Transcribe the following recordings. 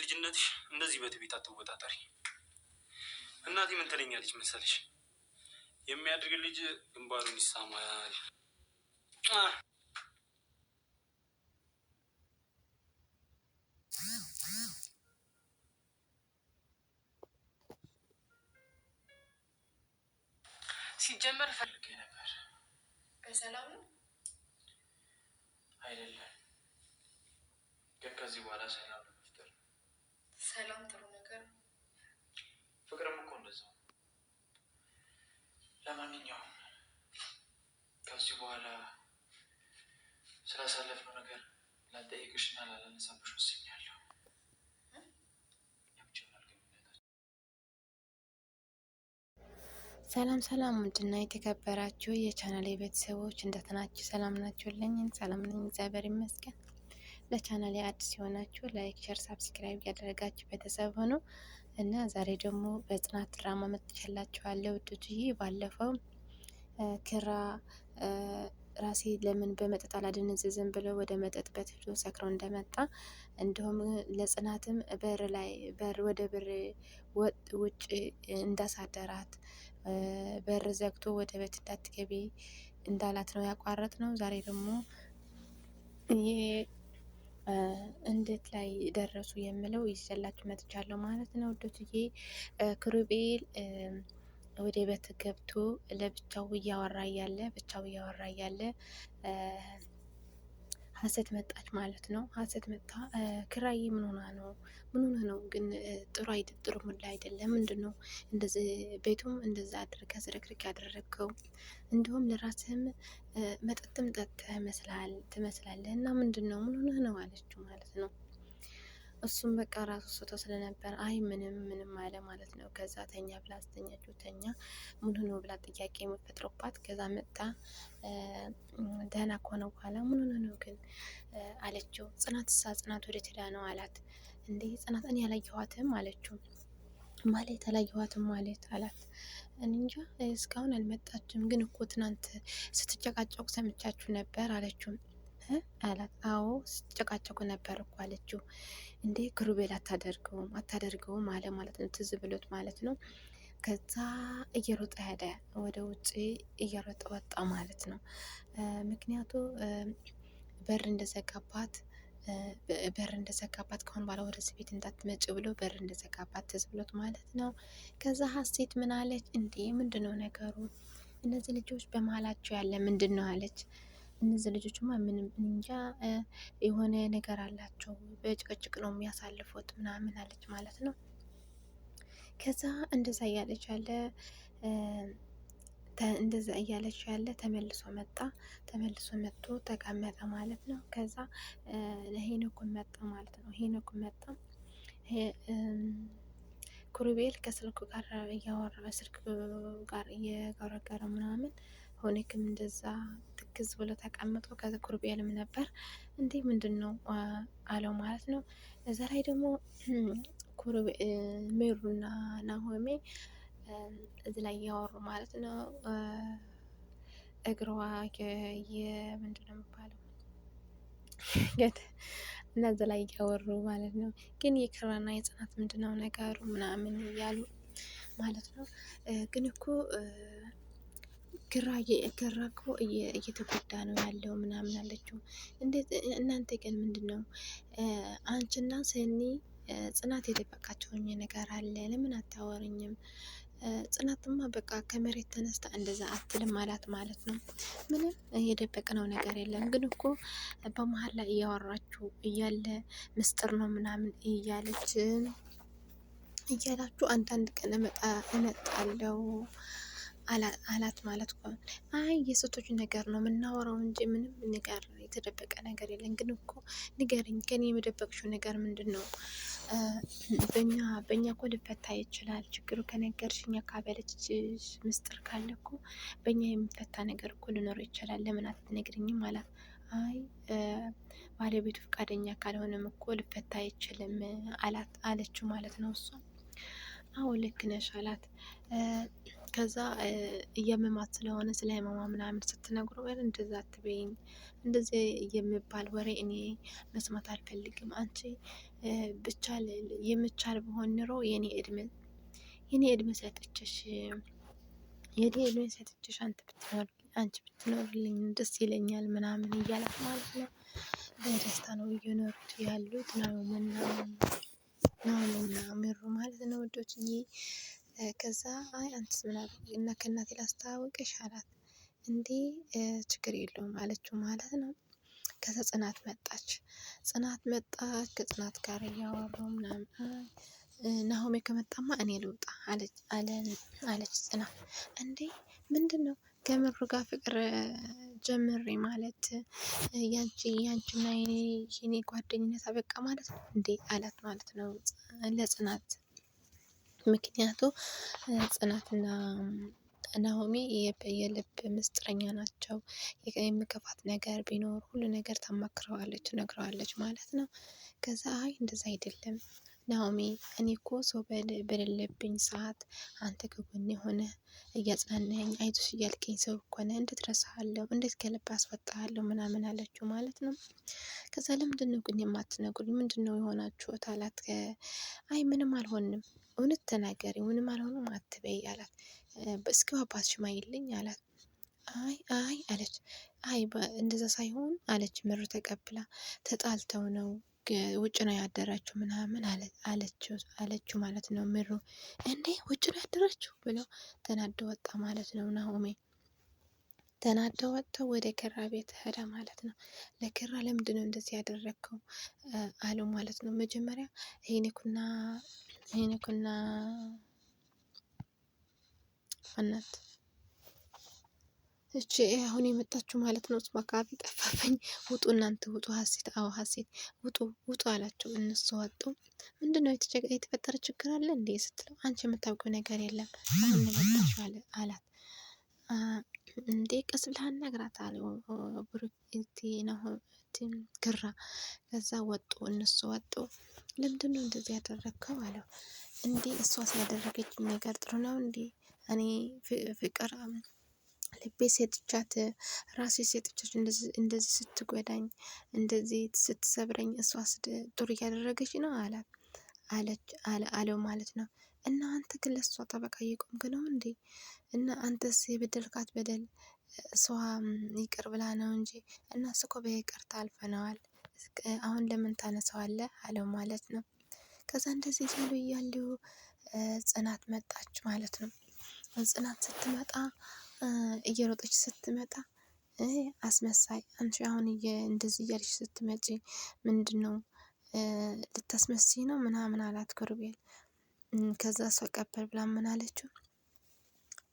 ልጅነትሽ እንደዚህ በትቤት አትወጣጠሪ። እናቴ ምን ትለኛለች መሰለሽ? የሚያድርግ ልጅ ግንባሩን ይሳማል። ሲጀመር ፈልጌ ነበር። በሰላም ነው አይደለም? ከዚህ በኋላ ሰላም ሰላም ሰላም፣ ውድና የተከበራችሁ የቻናሌ ቤተሰቦች እንደት ናችሁ? ሰላም ናችሁልኝ? ሰላም ነኝ፣ እግዚአብሔር ይመስገን። ለቻናሌ አዲስ የሆናችሁ ላይክ፣ ሸር፣ ሳብስክራይብ እያደረጋችሁ ቤተሰብ ሆኖ እና ዛሬ ደግሞ በጽናት ድራማ መጥቻላችኋለሁ ውዶችዬ። ባለፈው ክራ ራሴ ለምን በመጠጥ አላደነዘዘም ብሎ ወደ መጠጥ ቤት ሄዶ ሰክሮ እንደመጣ እንዲሁም ለጽናትም በር ላይ በር ወደ በር ውጭ እንዳሳደራት በር ዘግቶ ወደ ቤት እንዳትገቢ እንዳላት ነው ያቋረጥ ነው። ዛሬ ደግሞ ይሄ እንዴት ላይ ደረሱ የምለው ይዘላችሁ መጥቻለሁ ማለት ነው። ዶትዬ ክሩቤል ወደ ቤት ገብቶ ለብቻው እያወራ እያለ ብቻው እያወራ እያለ ሀሴት መጣች ማለት ነው። ሀሰት መጣ። ክራይ ምንሆና ነው? ምን ነው ግን ጥሩ ጥሩ ሙላ አይደለም። ምንድን ነው እንደዚህ ቤቱም እንደዛ አድርገ ዝርክርክ ያደረገው? እንዲሁም ለራስህም መጠጥም ጠጥተህ ትመስላለ ትመስላለህ። እና ምንድን ነው ምን ነው አለችው ማለት ነው። እሱም በቃ ራሱ ስቶ ስለነበር አይ ምንም ምንም አለ ማለት ነው። ከዛ ተኛ ብላ አስተኛችው። ተኛ ምን ሆኖ ብላ ጥያቄ የምፈጥሮባት ከዛ መጣ ደህና ከሆነ በኋላ ምን ሆኖ ነው ግን አለችው። ጽናት ሳ ጽናት ወደ ትዳ ነው አላት። እንዴ ጽናት እኔ ያላየኋትም አለችው። ማለት ያላየኋትም ማለት አላት። እንጃ እስካሁን አልመጣችም፣ ግን እኮ ትናንት ስትጨቃጨቁ ሰምቻችሁ ነበር አለችው። አላት። አዎ ነበር እኮ አለችው። እንዴ ክሩቤል አታደርገውም አታደርገውም አለ ማለት ነው። ትዝ ብሎት ማለት ነው። ከዛ እየሮጠ ሄደ፣ ወደ ውጭ እየሮጠ ወጣ ማለት ነው። ምክንያቱ በር እንደዘጋባት በር እንደዘጋባት ከሆን በኋላ ወደዚህ ቤት እንዳትመጭ ብሎ በር እንደዘጋባት ትዝ ብሎት ማለት ነው። ከዛ ሀሴት ምን አለች? እንዴ ምንድን ነው ነገሩ? እነዚህ ልጆች በመሀላቸው ያለ ምንድን ነው አለች። እነዚህ ልጆችማ ምንም እንጃ የሆነ ነገር አላቸው፣ በጭቅጭቅ ነው የሚያሳልፉት ምናምን አለች ማለት ነው። ከዛ እንደዛ እያለች ያለ እንደዛ እያለች ያለ ተመልሶ መጣ። ተመልሶ መጥቶ ተቀመጠ ማለት ነው። ከዛ ሄኖክን መጣ ማለት ነው። ሄኖክን መጣ ኩሩቤል ከስልኩ ጋር እያወራ ስልክ ጋር እየገረገረ ምናምን ሆነክም እንደዛ ግዝ ብሎ ተቀምጦ ከዛ ኩርቤልም ነበር እንዴ ምንድን ነው አለው ማለት ነው። እዛ ላይ ደግሞ ሜሩና ናሆሜ እዚ ላይ እያወሩ ማለት ነው። እግሯ የምንድን ነው የሚባለው እና እዚ ላይ እያወሩ ማለት ነው። ግን የክራና የጽናት ምንድን ነው ነገሩ ምናምን እያሉ ማለት ነው። ግን እኮ ግራ ግራ እኮ እየተጎዳ ነው ያለው ምናምን አለችው። እንዴት እናንተ ግን ምንድን ነው አንቺና ሰኒ ጽናት የደበቃቸውኝ ነገር አለ ለምን አታወርኝም? ጽናትማ በቃ ከመሬት ተነስታ እንደዛ አትልም አላት ማለት ነው። ምንም የደበቅነው ነገር የለም፣ ግን እኮ በመሀል ላይ እያወራችሁ እያለ ምስጢር ነው ምናምን እያለች እያላችሁ አንዳንድ ቀን እመጣ እመጣለው አላት ማለት እኮ አይ የሴቶች ነገር ነው የምናወራው እንጂ ምንም ነገር የተደበቀ ነገር የለም። ግን እኮ ንገርኝ፣ ከኔ የመደበቅሽው ነገር ምንድን ነው? በኛ በእኛ እኮ ልፈታ ይችላል ችግሩ ከነገርሽ፣ እኛ ካበለች ምስጢር ካለ እኮ በእኛ የሚፈታ ነገር እኮ ሊኖር ይችላል። ለምን አትነግርኝም? አላት አይ ባለቤቱ ፈቃደኛ ካልሆነም እኮ ልፈታ አይችልም አላት አለችው ማለት ነው እሷ አዎ ልክ ነሽ አላት ከዛ እየመማት ስለሆነ ስለ ህመማ ምናምን ስትነግሩ ስትነግረው እንደዛ አትበይኝ፣ እንደዚህ የሚባል ወሬ እኔ መስማት አልፈልግም። አንቺ ብቻል የምቻል በሆን ኑሮ የኔ እድሜ የኔ እድሜ ሰጥችሽ የኔ እድሜ ሰጥችሽ አንተ ብትኖር አንቺ ብትኖርልኝ ደስ ይለኛል ምናምን እያላት ማለት ነው። በደስታ ነው እየኖሩት ያሉት ናሆምና ናሆምና ምሩ ማለት ነው ወዶችዬ ከዛ አይ አንቺስ ምን አልኩኝ እና ከእናቴ ላስተዋውቅሽ አላት። እንዴ ችግር የለውም አለችው ማለት ነው። ከዛ ጽናት መጣች። ጽናት መጣች። ከጽናት ጋር እያወሩ ምናምን ናሆሜ ከመጣማ እኔ ልውጣ አለች ጽናት። እንዴ ምንድን ነው ከምሩ ጋር ፍቅር ጀምሬ ማለት ያንቺ ያንቺና የኔ ጓደኝነት አበቃ ማለት ነው እንዴ አላት ማለት ነው ለጽናት ምክንያቱ ጽናትና ናሆሜ የልብ ምስጥረኛ ናቸው። የምከፋት ነገር ቢኖር ሁሉ ነገር ታማክረዋለች፣ ትነግረዋለች ማለት ነው። ከዛ አይ እንደዛ አይደለም ናኦሚ እኔ እኮ ሰው በሌለብኝ ሰዓት አንተ ከጎኔ ሆነ እያጽናናኝ አይዞሽ እያልከኝ ሰው ከሆነ እንዴት ረሳሃለሁ እንዴት ከልብ አስፈታሃለሁ ምናምን አለችው ማለት ነው። ከዛ ለምንድን ነው ግን የማትነግሩኝ? ምንድን ነው የሆናችሁት አላት። አይ ምንም አልሆንም፣ እውነት ተናገሪ፣ ምንም አልሆንም አትበይ አላት። እስኪ አባት ሽማይልኝ አላት። አይ አይ አለች። አይ እንደዛ ሳይሆን አለች ምር ተቀብላ ተጣልተው ነው ውጭ ነው ያደራችሁ ምናምን አለችው ማለት ነው። ምሩ እንዴ ውጭ ነው ያደራችሁ ብሎ ተናደ ወጣ ማለት ነው። ናሆሜ ተናደ ወጥቶ ወደ ክራ ቤት ሄደ ማለት ነው። ለክራ ለምንድን ነው እንደዚህ ያደረግከው አለው ማለት ነው። መጀመሪያ ሄኒኩና ሄኒኩና እናት እቺ አሁን የመጣችሁ ማለት ነው። ጽባ አካባቢ ጠፋፈኝ። ውጡ እናንተ ውጡ፣ ሀሴት አዎ ሀሴት ውጡ ውጡ አላቸው። እነሱ ወጡ። ምንድን ነው የተፈጠረ ችግር አለ እንዴ ስትለው፣ አንቺ የምታውቂው ነገር የለም አሁን መጣሽ አላት። እንዴ ቀስ ብለህ አናግራት አለው ግራ። ከዛ ወጡ፣ እነሱ ወጡ። ለምንድን ነው እንደዚህ ያደረግከው አለው። እንዴ እሷ ሲያደረገች ነገር ጥሩ ነው እንዴ እኔ ፍቅር ልቤ ሴጥቻት ራሴ ሰጥቻት እንደዚህ ስትጎዳኝ እንደዚህ ስትሰብረኝ እሷ ጥሩ እያደረገች ነው አላት አለች አለው ማለት ነው። እና አንተ ግን ለእሷ ጠበቃ እየቆምክ ነው እንዴ? እና አንተስ የበደልካት በደል እሷ ይቅር ብላ ነው እንጂ እና ስኮ በይቅርታ አልፈነዋል። አሁን ለምን ታነሳዋለህ አለው ማለት ነው። ከዛ እንደዚህ ሲሉ እያሉ ጽናት መጣች ማለት ነው። ጽናት ስትመጣ እየሮጠች ስትመጣ አስመሳይ አንቺ አሁን እንደዚህ እያልሽ ስትመጪ ምንድን ነው ልታስመስይ ነው ምናምን አላት ክሩቤል። ከዛ እሷ ቀበል ብላ ምን አለችው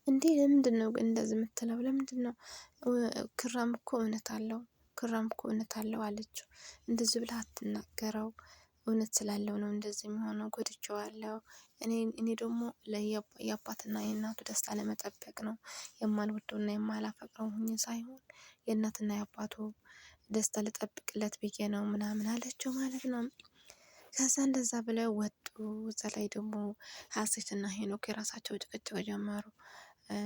እንዴ ለምንድን ነው እንደዚህ የምትለው? ለምንድን ነው ክራም እኮ እውነት አለው ክራም እኮ እውነት አለው አለችው። እንደዚህ ብላ አትናገረው እውነት ስላለው ነው እንደዚህ የሚሆነው። ጎድቼዋለሁ። እኔ ደግሞ የአባትና የእናቱ ደስታ ለመጠበቅ ነው የማልወደውና የማላፈቅረው ሁኜ ሳይሆን የእናትና የአባቱ ደስታ ልጠብቅለት ብዬ ነው ምናምን አለችው ማለት ነው። ከዛ እንደዛ ብለው ወጡ። እዛ ላይ ደግሞ ሀሴትና ሄኖክ የራሳቸው ጭቅጭቅ ጀመሩ።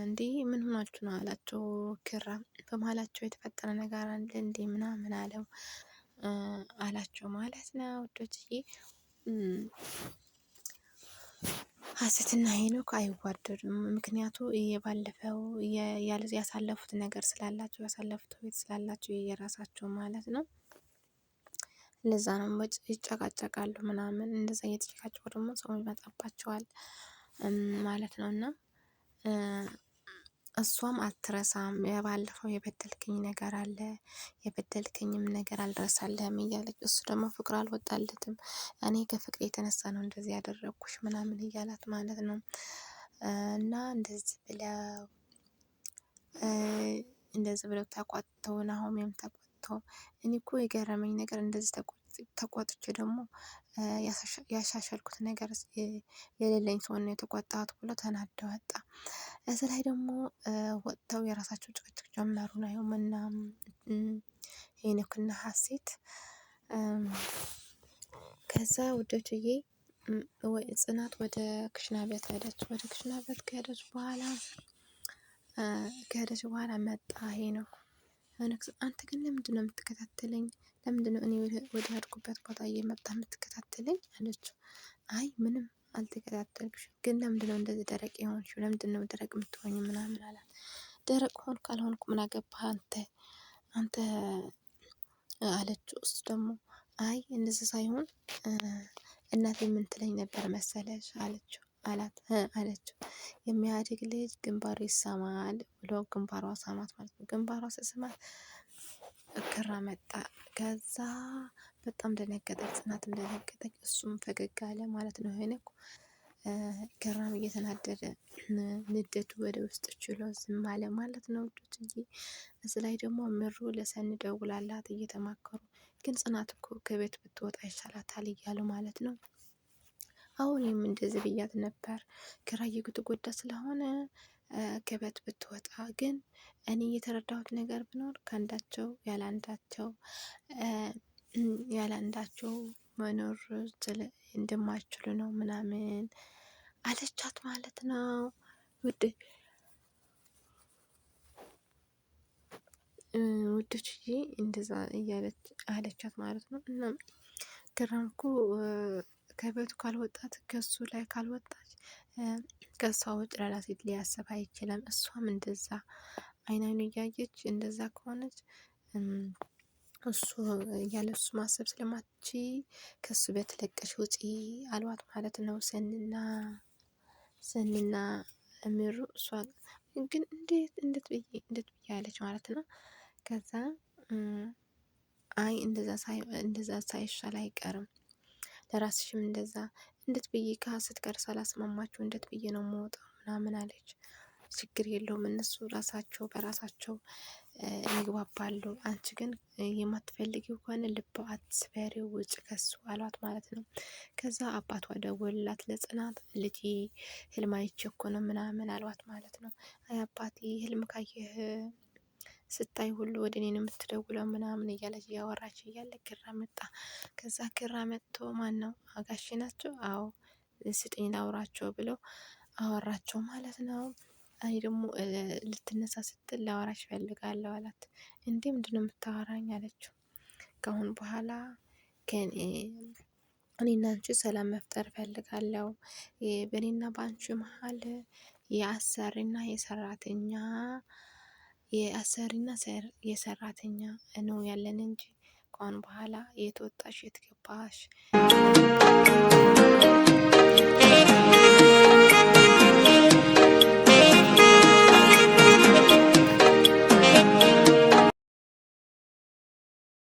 እንዲህ ምን ሆናችሁ ነው አላቸው ኪራ በመሀላቸው የተፈጠረ ነገር አለ እንዲህ ምናምን አለው። አላቸው ማለት ነው ውዶችዬ። ሀሴትና ሄኖክ አይዋደዱም። ምክንያቱ የባለፈው ያሳለፉት ነገር ስላላቸው ያሳለፉት ቤት ስላላቸው የራሳቸው ማለት ነው። እንደዛ ነው ወጭ ይጨቃጨቃሉ ምናምን እንደዛ እየተጨቃጨቁ ደግሞ ሰው ይመጣባቸዋል ማለት ነው እና እሷም አትረሳም። ባለፈው የበደልክኝ ነገር አለ የበደልክኝም ነገር አልረሳለህም እያለች እሱ ደግሞ ፍቅር አልወጣለትም። እኔ ከፍቅር የተነሳ ነው እንደዚህ ያደረግኩሽ ምናምን እያላት ማለት ነው። እና እንደዚህ ብለው እንደዚህ ብለው ተቆጥተው ናሆሜም ተቆጥተው እኔ እኮ የገረመኝ ነገር እንደዚህ ተቆ ተቆጥቼ ደግሞ ያሻሻልኩት ነገር የሌለኝ ሰው ነው የተቆጣሁት ብሎ ተናደ ወጣ። እዚህ ላይ ደግሞ ወጥተው የራሳቸው ጭቅጭቅ ጀመሩ። ናሆም ምና ሄኖክ ሀሴት ከዛ ውዶችዬ ጽናት ወደ ክሽና ቤት ሄደች። ወደ ክሽና ቤት ከሄደች በኋላ ከሄደች በኋላ መጣ ሄኖክ መነኩሴው አንተ ግን ለምንድን ነው የምትከታተለኝ? ለምንድን ነው እኔ ወደ ያድኩበት ቦታ እየመጣ የምትከታተለኝ? አለችው። አይ ምንም አልተከታተልኩሽ፣ ግን ለምንድን ነው እንደዚህ ደረቅ የሆንሽ? ለምንድን ነው ደረቅ የምትሆኝ? ምናምን አላት። ደረቅ ሆንኩ አልሆንኩ ምን አገባህ አንተ አንተ አለችው። እሱ ደግሞ አይ እንደዚህ ሳይሆን እናቴ ምን ትለኝ ነበር መሰለሽ አለችው። አላት አለችው። የሚያድግ ልጅ ግንባሩ ይሰማል ብሎ ግንባሯ ሰማት ማለት ነው። ግንባሯ ስስማት እክራ መጣ። ከዛ በጣም ደነገጠች፣ ጽናትም ደነገጠች፣ እሱም ፈገግ አለ ማለት ነው። ይሄን እኮ ኪራም እየተናደደ ንደቱ ወደ ውስጥ ችሎ ዝም አለ ማለት ነው። ውዶችዬ እዚህ ላይ ደግሞ ምሩ ለሰኒ ደውላላት እየተማከሩ ግን ጽናት እኮ ከቤት ብትወጣ ይሻላታል እያሉ ማለት ነው። አሁን ይህም እንደዚህ ብያት ነበር ግራ እየተጎዳ ስለሆነ ገበት ብትወጣ ግን እኔ የተረዳሁት ነገር ቢኖር ከአንዳቸው ያለአንዳቸው ያለአንዳቸው መኖር እንደማይችሉ ነው ምናምን አለቻት ማለት ነው። ውድ ውዶችዬ እንደዛ እያለች አለቻት ማለት ነው። እና ኪራም ከቤቱ ካልወጣት ከሱ ላይ ካልወጣች ከሷ ውጭ ሌላ ሴት ሊያስብ አይችልም። እሷም እንደዛ አይን እያየች እንደዛ ከሆነች እሱ ያለ እሱ ማሰብ ስለማትቺ ከሱ ቤት ለቀሽ ውጪ አልዋት ማለት ነው። ሰኒና ሰኒና እምሩ እሷ ግን እንዴት እንዴት ብዬ እንዴት ብዬ ያለች ማለት ነው። ከዛ አይ እንደዛ ሳይ እንደዛ ሳይሻል አይቀርም ለራስሽም እንደዛ እንዴት ብዬ ከሀሰት ጋር ሳላስማማቸው እንዴት ብዬ ነው የምወጣው ምናምን አለች። ችግር የለውም እነሱ ራሳቸው በራሳቸው ይግባባሉ። አንቺ ግን የማትፈልጊው ከሆነ ልብ አትስበሪው፣ ውጭ ከሱ አሏት ማለት ነው። ከዛ አባቷ ደወልላት ለጽናት ልጅ ህልም አይቼ እኮ ነው ምናምን አሏት ማለት ነው። አይ አባቴ ህልም ካየህ ስታይ ሁሉ ወደ እኔ ነው የምትደውለው ምናምን እያለች እያወራች እያለ ግራ መጣ። ከዛ ግራ መጥቶ ማን ነው አጋሽ ናቸው? አዎ ስጥኝ ላውራቸው ብሎ አወራቸው ማለት ነው። እኔ ደግሞ ልትነሳ ስትል ላወራሽ ፈልጋለሁ አላት። እንዴ ምንድን ነው የምታወራኝ? አለችው። ከአሁን በኋላ እኔና አንቺ ሰላም መፍጠር ፈልጋለው በእኔና በአንቺ መሀል የአሰሪና የሰራተኛ የአሰሪና የሰራተኛ ነው ያለን እንጂ ከአሁን በኋላ የት ወጣሽ የት ገባሽ